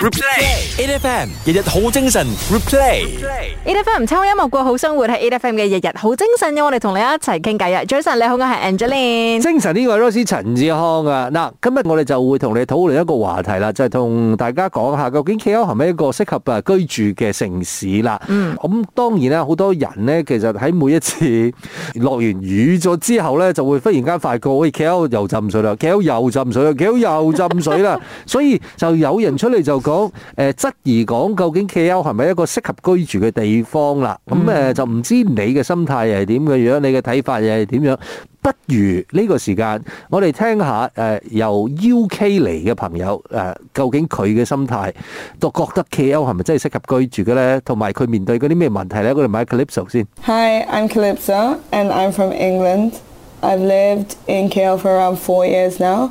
Replay，8FM 日日好精神。Replay，8FM 唔差，音樂過好生活係 8FM 嘅日日好精神。有我哋同你一齊傾偈嘅早晨，你好，我係 Angeline。精神呢位律師陳志康啊，嗱，今日我哋就會同你討論一個話題啦，就係同大家講下究竟 KL 係咪一個適合啊居住嘅城市啦。嗯，咁當然啦，好多人呢，其實喺每一次落完雨咗之後呢，就會忽然間發覺，喂，KL 又浸水啦，KL 又浸水啦，KL 又浸水啦，所以就有人出嚟就。講誒質疑講，究竟 KL 係咪一個適合居住嘅地方啦？咁誒就唔知你嘅心態係點嘅樣，你嘅睇法又係點樣？不如呢個時間我哋聽下誒由 U.K. 嚟嘅朋友誒，究竟佢嘅心態都覺得 KL 係咪真係適合居住嘅咧？同埋佢面對嗰啲咩問題咧？我哋問 Calypso 先。Hi, I'm Calypso, and I'm from England. I've lived in KL for around four years now.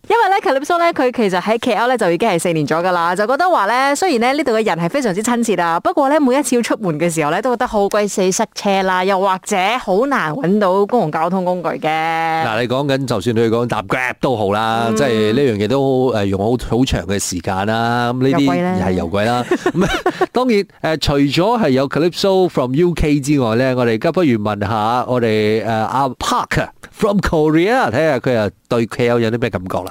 因為咧 Calypso a 咧，佢其實喺 KL 咧就已經係四年咗噶啦，就覺得話咧，雖然咧呢度嘅人係非常之親切啊，不過咧每一次要出門嘅時候咧，都覺得好鬼死塞車啦，又或者好難揾到公共交通工具嘅。嗱、啊，你講緊就算你講搭 Grab 都好啦，嗯、即係呢樣嘢都誒、呃、用好好長嘅時間啦。咁呢啲係油貴啦。 當然誒、呃，除咗係有 Calypso a from UK 之外咧，我哋而家不如問下我哋誒阿 Park from Korea，睇下佢又對 KL 有啲咩感覺啦。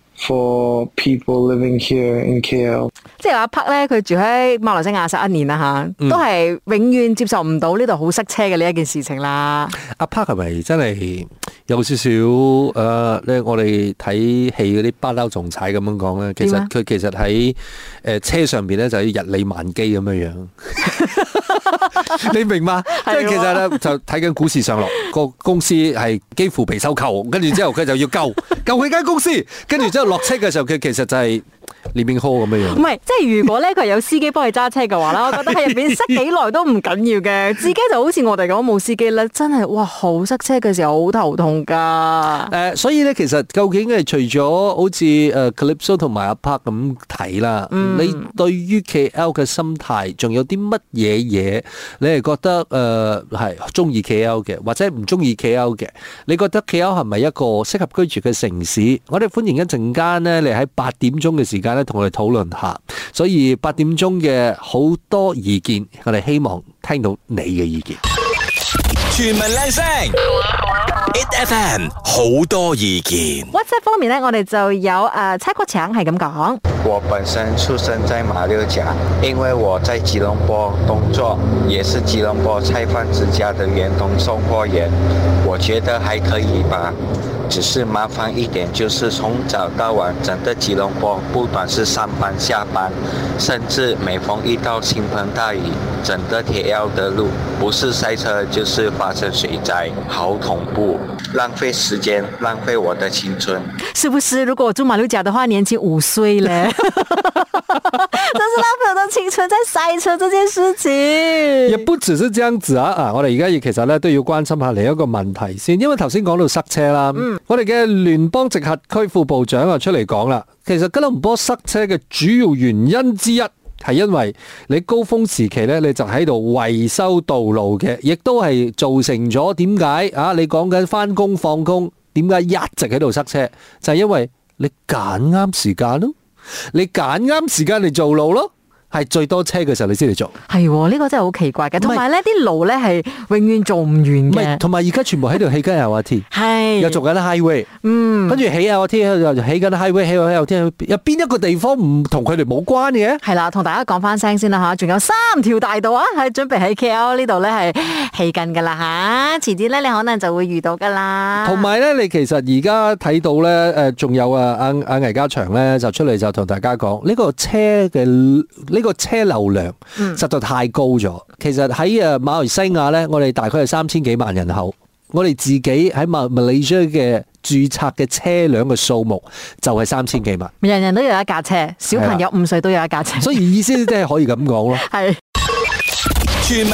for people living here in KL，即係阿 Park 咧，佢住喺馬來西亞十一年啦吓，都係永遠接受唔到呢度好塞車嘅呢一件事情啦。嗯、阿 Park 係咪真係有少少誒？咧、呃、我哋睇戲嗰啲巴刀重踩咁樣講咧，其實佢嗎其實喺誒、呃、車上邊咧就要、是、日理萬機咁樣樣。 你明嘛？即係其實咧，就睇緊股市上落， 個公司係幾乎被收購，跟住之後佢就要救救佢間公司，跟住之後落車嘅時候，佢其實就係、是。呢邊 call 咁嘅樣，唔係 Living，即係如果咧佢有司機幫佢揸車嘅話啦， 我覺得喺入邊塞幾耐都唔緊要嘅，自己就好似我哋講冇司機啦，真係哇好塞車嘅時候好頭痛噶。誒、呃，所以咧其實究竟係除咗好似誒 Calypso 同埋阿 Park 咁睇，啦，嗯、你對於 K L 嘅心態仲有啲乜嘢嘢？你係覺得誒係中意 K L 嘅，或者唔中意 K L 嘅？你覺得 K L 係咪一個適合居住嘅城市？我哋歡迎一陣間呢，你喺八點鐘嘅時。而家咧同我哋討論下，所以八點鐘嘅好多意見，我哋希望聽到你嘅意見。全民靚聲，it FM 好多意見。WhatsApp 方面咧，我哋就有誒猜國搶係咁講。Uh，我本身出生在馬六甲，因為我在吉隆坡工作，也是吉隆坡菜販之家的員工送貨員。我覺得還可以吧。只是麻煩一點，就是從早到晚，整個吉隆坡不管是上班下班，甚至每逢遇到傾盆大雨。整個鐵腰的路，不是塞車就是發生水災，好恐怖，浪費時間，浪費我的青春。是唔是？如果我住馬六甲的話，年輕五歲咧，真 是浪費咗青春在塞車這件事情。 也不只是這樣子啊，啊，我哋而家其實咧都要關心下另一個問題先，因為頭先講到塞車啦。嗯，我哋嘅聯邦直轄區副部長啊出嚟講啦，其實吉隆坡塞車嘅主要原因之一。係因為你高峰時期呢，你就喺度維修道路嘅，亦都係造成咗點解啊？你講緊返工放工，點解一直喺度塞車？就係因為你揀啱時間咯，你揀啱時間嚟做路咯。係最多車嘅時候，你先嚟做。係，呢個真係好奇怪嘅。同埋咧，啲路咧係永遠做唔完嘅。唔係，同埋而家全部喺度起緊 RRT，係又做緊 Highway。嗯，跟住起啊，我聽又起緊 Highway，起啊，又聽有邊一個地方唔同佢哋冇關嘅？係啦，同大家講翻聲先啦吓，仲有三條大道啊，係準備喺 K L 呢度咧係起緊噶啦吓，遲啲咧你可能就會遇到噶啦。同埋咧，你其實而家睇到咧，誒，仲有啊，阿阿魏家祥咧就出嚟就同大家講呢個車嘅呢。呢個車流量實在太高咗。其實喺誒馬來西亞呢，我哋大概係三千幾萬人口。我哋自己喺 Malaysia 嘅註冊嘅車輛嘅數目就係三千幾萬、嗯。人人都有一架車，小朋友五歲都有一架車。啊、 所以意思即係可以咁講咯。係 是。全民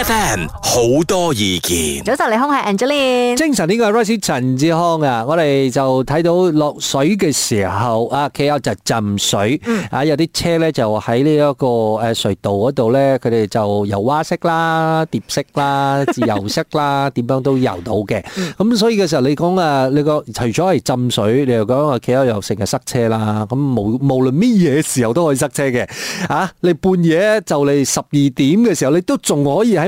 F.M. 好多意見。早晨，李康係 Angelina。精神呢個係 Rice 陳志康啊。我哋就睇到落水嘅時候啊，KL 就浸水。嗯。啊，有啲車咧就喺呢一個誒隧道嗰度咧，佢哋就游蛙式啦、蝶式啦、自由式啦，點樣都游到嘅。咁所以嘅時候你講啊，你個除咗係浸水，你又講啊 KL 又成日塞車啦。咁無無論咩嘢時候都可以塞車嘅。啊，你半夜就嚟十二點嘅時候，你都仲可以喺。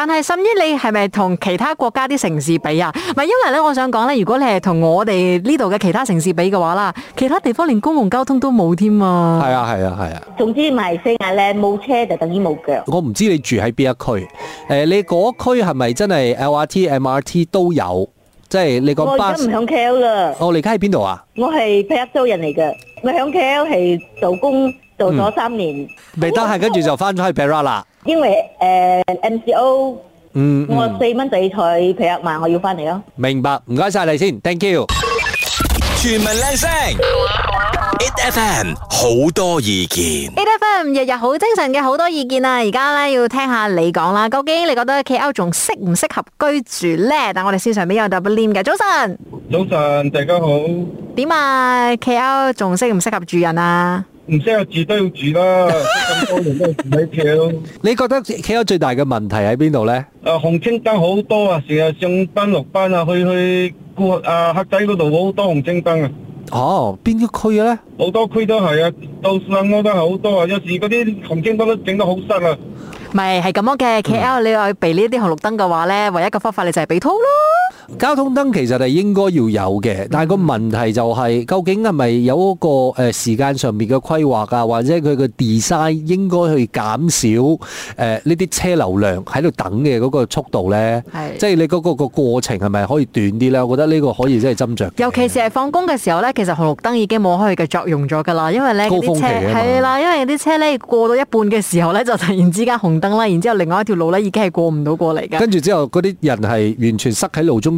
但係，甚至你係咪同其他國家啲城市比啊？唔係，因為咧，我想講咧，如果你係同我哋呢度嘅其他城市比嘅話啦，其他地方連公共交通都冇添啊！係啊，係啊，係啊。總之咪四眼靚，冇車就等於冇腳。我唔知你住喺邊一區，誒，你嗰區係咪真係 L R T M R T 都有？即係你個。我而家唔響 K L 啦。你而家喺邊度啊？我係皮亞州人嚟嘅，我響 K L 係做工。做咗三年，未得閒，跟住就翻咗去 Perla 啦。因為誒 M C O，嗯，我四蚊仔台 pera 萬，我要翻嚟咯。明白，唔該晒你先，Thank you。全民靚聲，8FM 好多意見。8FM 日日好精神嘅好多意見啊！而家咧要聽下你講啦。究竟你覺得 KL 仲適唔適合居住咧？但係我哋線上邊有 wim 嘅早晨，早晨大家好。點啊？KL 仲適唔適合住人啊？唔識個住都要住啦，咁多年都唔企跳。你覺得 KL 最大嘅問題喺邊度咧？誒、啊，紅綠燈好多啊，成日上班落班啊，去去過啊黑仔嗰度好多紅綠燈啊。哦，邊個區咧？好多區都係啊，到上安都係好多、啊、多啊，有時嗰啲紅、啊、紅綠燈都整得好塞啊。咪係咁樣嘅 KL，你去避呢啲紅綠燈嘅話咧，唯一嘅方法你就係避濤咯。交通燈其實係應該要有嘅，但係個問題就係、是、究竟係咪有一個誒時間上面嘅規劃啊，或者佢嘅 design 應該去減少誒呢啲車流量喺度等嘅嗰個速度咧？是即係你嗰、嗰個、嗰個過程係咪可以短啲咧？我覺得呢個可以真係斟酌。尤其是係放工嘅時候咧，其實紅綠燈已經冇佢嘅作用咗噶啦，因為咧啲車高峰期係啦，因為啲車咧過到一半嘅時候咧，就突然之間紅燈啦，然之後另外一條路咧已經係過唔到過嚟嘅。跟住之後嗰啲人係完全塞喺路中。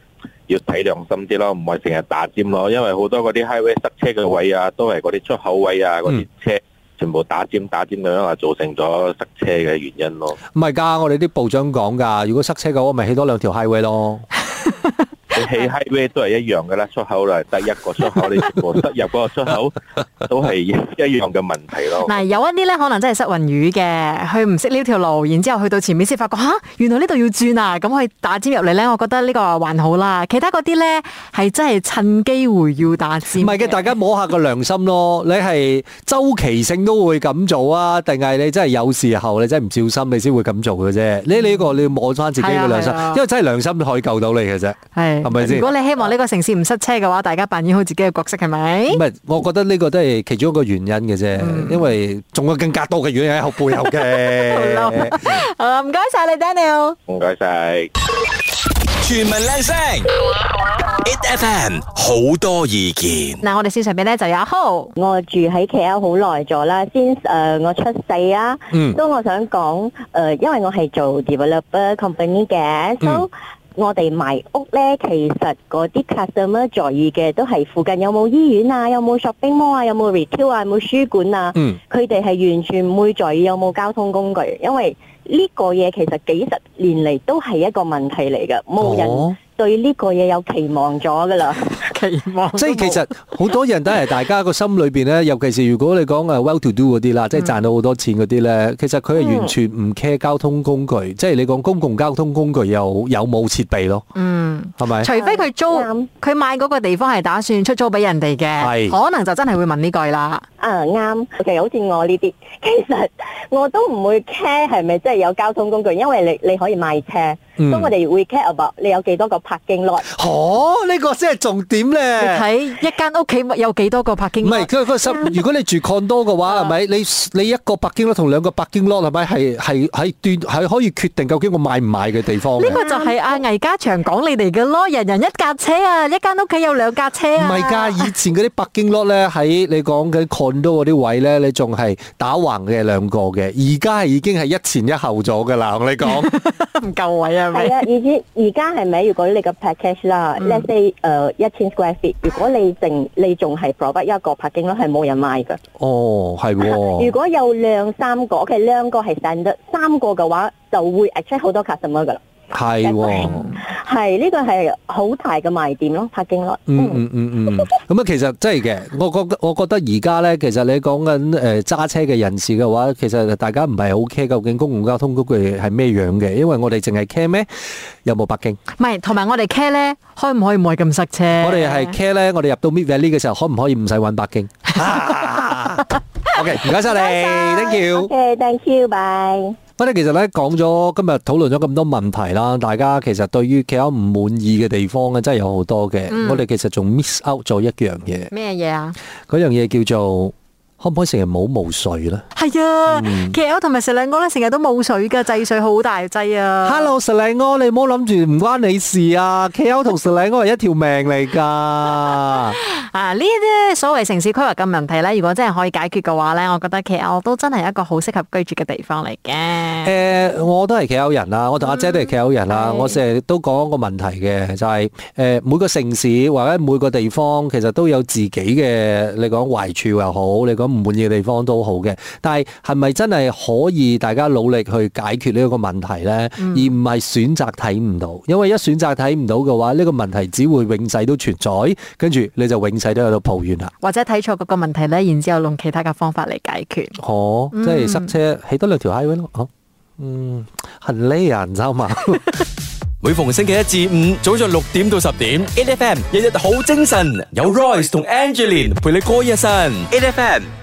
要體諒心啲咯，唔係成日打尖咯，因為好多嗰啲 highway 塞車嘅位啊，都係嗰啲出口位啊，嗰啲車全部打尖打尖咁樣啊，造成咗塞車嘅原因咯。唔係㗎，我哋啲部長講㗎，如果塞車嘅話，咪起多兩條 highway 咯。你喺 highway 都係一樣嘅啦，出口嚟得一個出口，你全部塞入嗰個出口都係一樣嘅問題咯。嗱，有一啲咧可能真係失魂魚嘅，佢唔識呢條路，然之後去到前面先發覺吓，原來呢度要轉啊，咁佢打尖入嚟咧，我覺得呢個還好啦。其他嗰啲咧係真係趁機會要打尖。唔係嘅，大家摸下個良心咯。你係週期性都會咁做啊，定係你真係有時候你真係唔小心你先會咁做嘅啫。你呢個你要摸翻自己嘅良心，因為真係良心可以救到你嘅啫。係。如果你希望呢個城市唔塞車嘅話，大家扮演好自己嘅角色，係咪？唔係，我覺得呢個都係其中一個原因嘅啫，因為仲有更加多嘅原因喺後背後嘅。好啦，唔該曬你 Daniel，唔該曬。全民靚聲，IT FM 好多意見。嗱，我哋線上邊咧就有阿浩，我住喺 KL 好耐咗啦，先誒我出世啊，都我想講誒，因為我係做 developer company 嘅，所以。我哋賣屋咧，其實嗰啲 customer 在意嘅都係附近有冇醫院啊，有冇 shopping mall 啊，有冇 retail 啊，有冇書館啊。嗯，佢哋係完全唔會在意有冇交通工具，因為呢個嘢其實幾十年嚟都係一個問題嚟嘅，冇人對呢個嘢有期望咗噶啦。哦 即係其實好多人都係大家個心裏邊咧，尤其是如果你講誒 well to do 嗰啲啦，即係賺到好多錢嗰啲咧，其實佢係完全唔 care 交通工具，即係你講公共交通工具又有冇設備咯？嗯，係咪？除非佢租佢買嗰個地方係打算出租俾人哋嘅，可能就真係會問呢句啦。啊，啱，其實好似我呢啲，其實我都唔會 care 係咪真係有交通工具，因為你你可以買車。當我哋 care about，你有幾多個 parking lot？嚇！呢個先係重點咧。你睇一間屋企有幾多個 parking lot？唔係佢佢十。如果你住 condo 嘅話，係咪 你你一個 parking lot 同兩個 parking lot 係咪係係係斷係可以決定究竟我買唔買嘅地方？呢個就係阿魏家祥講你哋嘅咯。人人一架車啊，一間屋企有兩架車，啊。唔係㗎，以前嗰啲 parking lot 咧，喺你講嘅 condo 嗰啲位咧，你仲係打橫嘅兩個嘅。而家係已經係一前一後咗㗎啦，同你講。 唔夠位啊！係啊，而而家係咪？如果你個 package 啦，let's say 誒一千 square feet，如果你剩你仲係 provide 一個拍景咯，係冇人買㗎。哦，係喎。如果有兩三個，其實兩個係 send 得，三個嘅話就會 attract 好多 customer 㗎啦。係喎。係呢個係好大嘅賣點咯，柏京咯。嗯嗯嗯嗯。咁啊，其實真係嘅，我覺我覺得而家咧，其實你講緊誒揸車嘅人士嘅話，其實大家唔係好 care 究竟公共交通局係咩樣嘅，因為我哋淨係 care 咩有冇柏京。唔係，同埋我哋 care 咧，可唔可以唔可以咁塞車。我哋係 care 咧，我哋入到 Mid Valley 嘅時候，可唔可以唔使搵柏京？OK，唔該晒你，Thank you。OK，Thank you，Bye。我哋其實咧講咗今日討論咗咁多問題啦，大家其實對於其他唔滿意嘅地方咧，真係有好多嘅。我哋其實仲 miss out 咗一樣嘢。咩嘢啊？嗰樣嘢叫做。可唔可以成日冇冇水咧？係啊，KL 同埋 Selangor 咧，成日都冇水噶，掣水好大掣啊！Hello，Selangor，你唔好諗住唔關你事啊！KL 同 Selangor 係一條命嚟噶。啊，呢啲所謂城市規劃嘅問題咧，如果真係可以解決嘅話咧，我覺得 KL 都真係一個好適合居住嘅地方嚟嘅。誒，我都係 KL 人啦，我同阿姐都係 KL 人啦，我成日都講一個問題嘅，就係誒每個城市或者每個地方，其實都有自己嘅，你講壞處又好，你講。唔滿意嘅地方都好嘅，但係係咪真係可以大家努力去解決呢一個問題咧？而唔係選擇睇唔到，因為一選擇睇唔到嘅話，呢個問題只會永世都存在，跟住你就永世都喺度抱怨啦。或者睇錯嗰個問題咧，然之後用其他嘅方法嚟解決。哦，即係塞車，起多兩條 highway 咯。哦，嗯，行李啊，唔錯嘛。每逢星期一至五，早上六點到十點，8FM 日日好精神，有 Royce 同 Angelin 陪你過一晨，8FM。